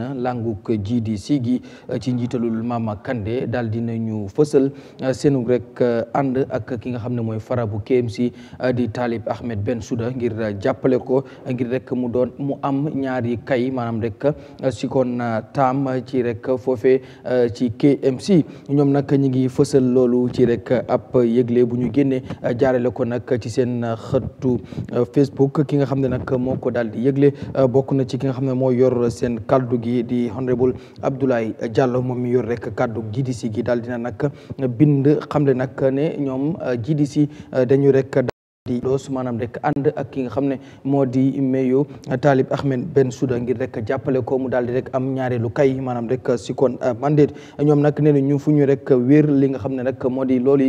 languk GDC gi eh, ci njiitalu njiitalul Mama Kandé daal dinañu fësal eh, seenu rek eh, ànd ak ki nga xam ne mooy farabu KMC di Talib Ahmed Bensouda ngir jàppale ko ngir rek mu doon mu am ñaari kay maanaam rek si kon taam ci rek foofe ci KMC ñoom nag ñi ngi fësal loolu ci rek ab yëgle bu ñu génne jaarale ko nag ci seen xëttu Facebook ki nga xam ne nag moo ko daal di yëgle bokk na ci ki nga xam ne moo yor seen kàddu gi di honorable Abdoulaye Diallo moom mi yor rek di GDC gi daal na nag bind xamle nag ne ñoom si euh, euh, dañu rek di loos maanaam rek ànd ak ki nga xam ne moo di mayo Talib Ahmed Bensouda ngir rek jàppale ko mu daal di rek am ñaareelu kay maanaam rek si kon mandate ñoom nag ne na ñu fu ñu rek wéer li nga xam ne nag moo di loolu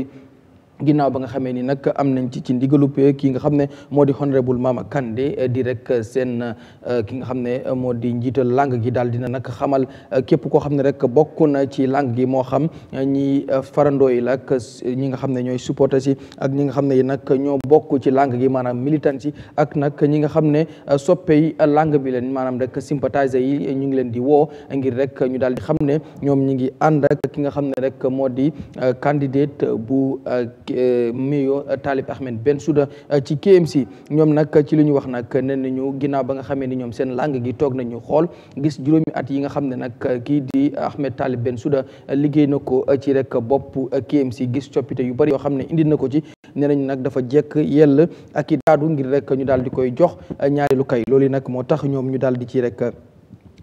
ginnaaw ba nga xamee ni nag am nañ ci ci ndigalup kii nga xam ne moo di honorable Mama Kandeh di rek eh, seen eh, ki nga xam ne eh, moo di njiital langue gi daal dina nag xamal képp koo xam ne rek bokk na ci langue gi moo xam ñi farandoo yi ñi nga xam ne ñooy supporter si ak ñi nga xam ne yi nag ñoo bokk ci langue gi maanaam militant si ak nag ñi nga xam ne soppe yi langue bi leen maanaam rek sympathisé yi ñu ngi leen di woo ngir rek ñu daal di xam ne ñoom ñi ngi ànd ki nga xam ne rek moo di candidate bu Euh, Meyo euh, Talib benn suda euh, ci KMC ñoom nag ci li ñu wax nag nee nañu ginnaaw ba nga xamee ni ñoom seen langue gi toog nañu xool gis juróomi at yi nga xam ne nag kii di Ahmed benn suda liggéey na ko ci rek bopp KMC gis coppite yu bari yoo xam ne indi na ko ci nee nañu nag dafa jekk yell ak i daadu ngir rek ñu daal di koy jox ñaareelu kay loolu nag moo tax ñoom ñu daal di ci rek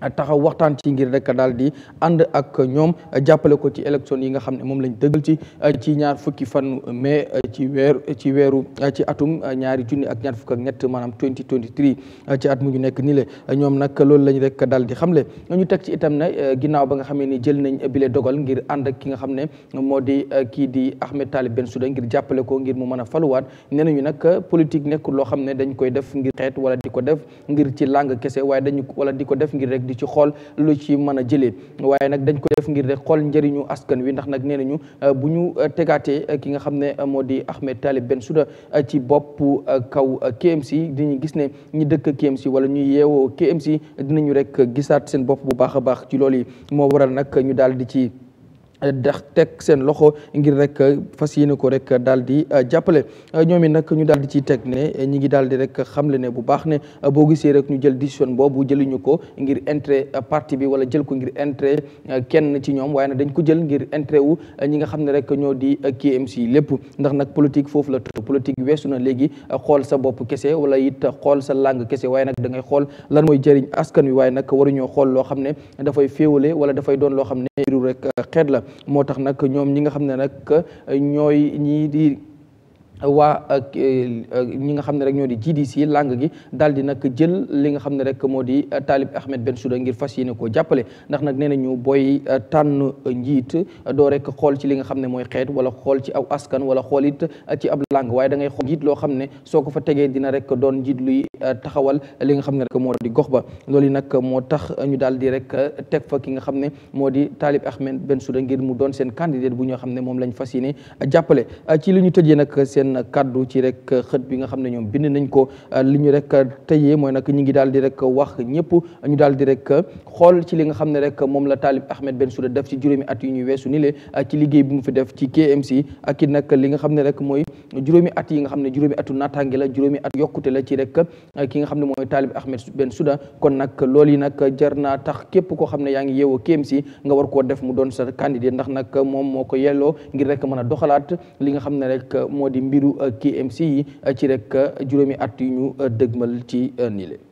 taxaw waxtaan ci ngir rek daal di ànd ak ñoom jàppale ko ci élection yi nga xam ne moom lañ dëggal ci ci ñaar fukki fan mais ci weeru ci weeru ci atum ñaari junni ak ñaar fukk ak ñett maanaam 2023 ci at mu ñu nekk nii le ñoom nag loolu lañ rek daal di xamle ñu teg ci itam na ginnaaw ba nga xamee ni jël nañ bile dogal ngir ànd ak ki nga xam ne moo di kii di Ahmed Talib Bensouda ngir jàppale ko ngir mu mën a faluwaat nee nañu nag politique nekk loo xam ne dañ koy def ngir xeet wala di ko def ngir ci langue kese waaye dañu wala di ko def ngir rek di ci xool lu ci mën a jëlee waaye nag dañ ko def ngir rek xool njëriñu askan wi ndax nag nee nañu euh, bu ñu euh, tegaatee euh, ki nga xam ne moo di Ahmed Talib Bensouda ci bopp kaw KMC dinañu gis ne ñi dëkk KMC wala ñuy yeewoo KMC dinañu rek gisaat seen bopp bu baax a baax ci loolu yi moo waral nag ñu daal ci dax teg seen loxo ngir rek fas yéene ko rek daal di euh, jàppale euh, ñoom it nag ñu daal di ciy teg ne ñi ngi daal di rek xamle ne bu baax ne euh, boo gisee rek ñu jël di décision boobu jëluñu ko ngir intérêt parti bi wala jël ko ngir intérêt kenn ci ñoom waaye nag dañ ko jël ngir intérêt wu ñi nga xam ne rek ñoo di KMC lépp ndax nag politique foofu la politique weesu na léegi xool sa bopp kese wala it xool sa langue kese waaye nag da ngay xool lan mooy jëriñ askan wi waaye nag waruñoo xool loo xam ne dafay féewale wala dafay doon loo xam ne rek xeet la moo tax nag ñoom ñi nga xam ne nag ñooy ñii di waa eh, ñi nga xam ne rek ñoo di GDC làng gi daal di nag jël li nga xam ne rek moo di Talib benn Bensouda ngir fas ne ko jàppale ndax nag nee na nañu booy tànn njiit doo rek xool ci li nga xam ne mooy xeet wala xool ci aw askan wala xool it ci ab langue waaye da ngay xool njiit loo xam ne soo ko fa tegee dina rek doon njiit luy taxawal li nga xam ne rek moo di gox ba loolu yi nag moo tax ñu daal di rek eh, teg fa ki nga xam ne moo di Talib Ahmed Bensouda ngir mu doon seen candidat bu ñoo xam ne moom lañ fas yéene jàppale eh, ci li ñu tëjee nag seen kaddu ci rek xët bi nga xam ne ñoom bind nañ ko eh, li ñu rek tëjee mooy nag ñi ngi daal di rek wax ñëpp ñu daal di rek xool ci li nga xam ne rek moom la Talib Ahmed Bensouda def ci juróomi at yu ñuy weesu ni le ci liggéey bi mu fi def ci KMC ak it nag li nga xam ne rek mooy juróomi at yi nga xam ne juróomi atu naataange la juróomi at yokkute la ci rek eh, ki nga xam ne mooy Talib Ahmed Ben Souda kon nag loolu yi nag jar naa tax képp koo xam ne yaa ngi yeewoo KMC nga war koo def mu doon sa candidat ndax nag moom moo ko yelloo ngir rek mën a doxalaat li nga xam ne rek moo di mbiru eh, KMC yi ci rek juróomi at yi ñu eh, dëgmal ci nile